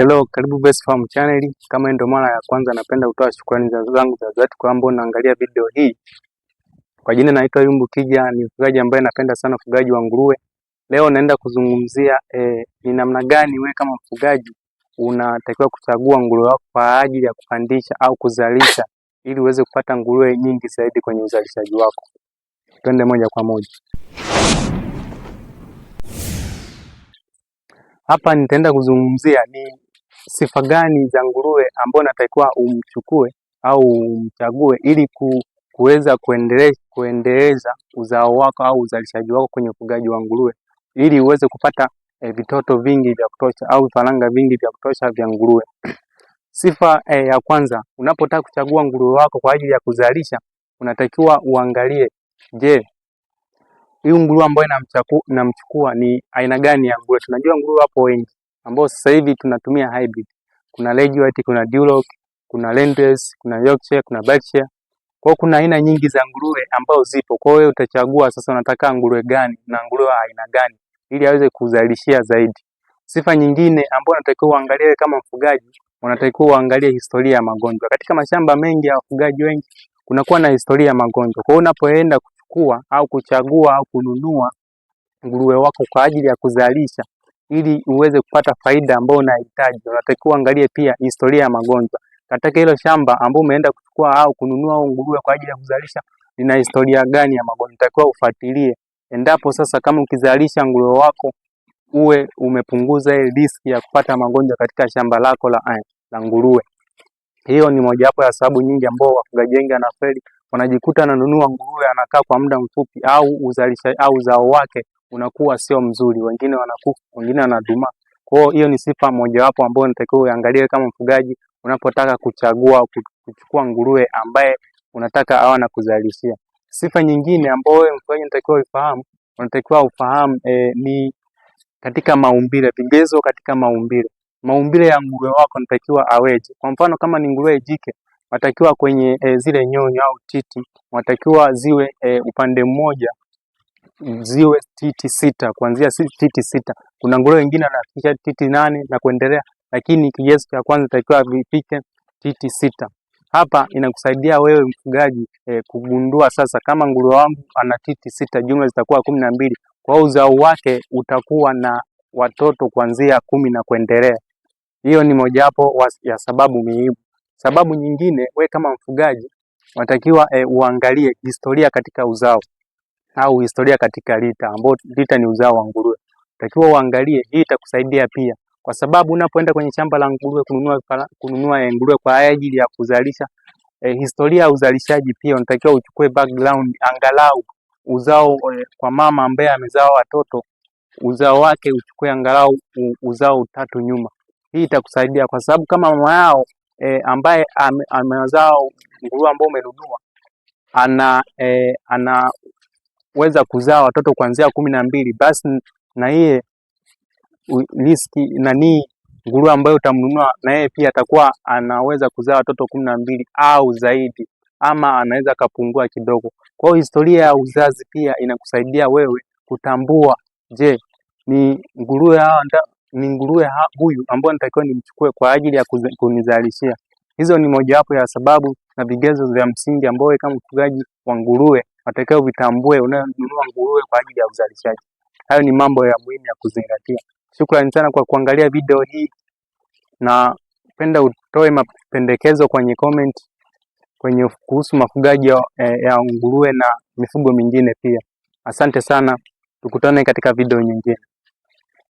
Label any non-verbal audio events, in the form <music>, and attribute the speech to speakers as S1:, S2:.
S1: Hello, karibu Best Farm Channel. Kama ndio mara ya kwanza, napenda kutoa shukrani zangu za dhati kwa ambao naangalia video hii. Kwa jina naitwa Yumbu Kija, ni mfugaji ambaye napenda sana ufugaji wa nguruwe. Leo naenda kuzungumzia eh, ni namna gani wewe kama mfugaji unatakiwa kuchagua nguruwe wako kwa ajili ya kupandisha au kuzalisha ili uweze kupata nguruwe nyingi zaidi kwenye uzalishaji wako. Twende moja kwa moja. Hapa nitaenda kuzungumzia ni sifa gani za nguruwe ambao natakiwa umchukue au umchague ili ku, kuweza kuendeleza uzao wako au uzalishaji wako kwenye ufugaji wa nguruwe ili uweze kupata e, vitoto vingi vya kutosha au vifaranga vingi vya kutosha vya nguruwe. <clears throat> Sifa e, ya kwanza, unapotaka kuchagua nguruwe wako kwa ajili ya kuzalisha, unatakiwa uangalie, je, huyu nguruwe ambayo namchukua ni aina gani ya nguruwe? Tunajua nguruwe wapo wengi, ambao sasa hivi tunatumia hybrid. Kuna Ledge kuna Duloc, kuna Lendless, kuna Yorkshire, kuna Berkshire. Kwa kuna aina nyingi za nguruwe ambao zipo. Kwa hiyo utachagua sasa unataka nguruwe gani na nguruwe wa aina gani ili aweze kuzalishia zaidi. Sifa nyingine ambayo unatakiwa uangalie kama mfugaji, unatakiwa uangalie historia ya magonjwa. Katika mashamba mengi ya wafugaji wengi kunakuwa na historia ya magonjwa. Kwa hiyo unapoenda kuchukua au kuchagua au kununua nguruwe wako kwa ajili ya kuzalisha, ili uweze kupata faida ambayo unahitaji, unatakiwa angalie pia historia ya magonjwa katika hilo shamba ambao umeenda kuchukua au kununua au nguruwe kwa ajili ya kuzalisha, lina historia gani ya magonjwa? Unatakiwa ufuatilie. Endapo sasa kama ukizalisha nguruwe wako, uwe umepunguza ile riski ya kupata magonjwa katika shamba lako la, eh, la nguruwe. Hiyo ni mojawapo ya sababu nyingi ambao wafugaji wengi wanafeli, wanajikuta ananunua nguruwe anakaa kwa muda mfupi, au uzalisha au zao wake unakuwa sio mzuri, wengine wanakufa, wengine wanadumaa. Kwa hiyo hiyo ni sifa mojawapo ambayo unatakiwa uangalie kama mfugaji unapotaka kuchagua kuchukua nguruwe ambaye unataka awa na kuzalishia. Sifa nyingine ambayo mfugaji unatakiwa ufahamu, unatakiwa ufahamu e, ni katika maumbile, vigezo katika maumbile. Maumbile ya nguruwe wako unatakiwa aweje? Kwa mfano kama ni nguruwe jike watakiwa kwenye e, zile nyonyo au titi watakiwa ziwe e, upande mmoja ziwe titi sita, kuanzia titi sita. Kuna nguruwe wengine wanafikisha titi nane na kuendelea, lakini kigezo cha kwanza takiwa vifike titi sita. Hapa inakusaidia wewe mfugaji eh, kugundua sasa kama nguruwe wangu ana titi sita, jumla zitakuwa kumi na mbili. Kwa uzao wake utakuwa na watoto kuanzia kumi na kuendelea. Hiyo ni mojawapo ya sababu muhimu. Sababu nyingine, we kama mfugaji, watakiwa eh, uangalie historia katika uzao au historia katika lita, ambao lita ni uzao wa nguruwe, takiwa uangalie hii itakusaidia pia, kwa sababu unapoenda kwenye shamba la nguruwe kununua kununua eh, nguruwe kwa ajili ya kuzalisha eh, historia ya uzalishaji pia unatakiwa uchukue background angalau uzao eh, kwa mama ambaye amezaa watoto uzao wake uchukue angalau uzao utatu nyuma. Hii itakusaidia kwa sababu kama mama yao e, ambaye amezaa nguruwe ambao umenunua ana e, ana weza kuzaa watoto kuanzia kumi na mbili, basi na yeye riski nanii nguruwe ambayo utamnunua na yeye pia atakuwa anaweza kuzaa watoto kumi na mbili au zaidi, ama anaweza akapungua kidogo. Kwa hiyo historia ya uzazi pia inakusaidia wewe kutambua, je, ni nguruwe hawa ni nguruwe huyu ambao natakiwa nimchukue kwa ajili ya kunizalishia. Hizo ni mojawapo ya sababu na vigezo vya msingi ambao kama mfugaji wa nguruwe unatakiwa vitambue unayonunua nguruwe kwa ajili ya uzalishaji. Hayo ni mambo ya muhimu ya kuzingatia. Shukrani sana kwa kuangalia video hii, na penda utoe mapendekezo kwenye comment kwenye kuhusu mafugaji ya, ya nguruwe na mifugo mingine pia. Asante sana, tukutane katika video nyingine.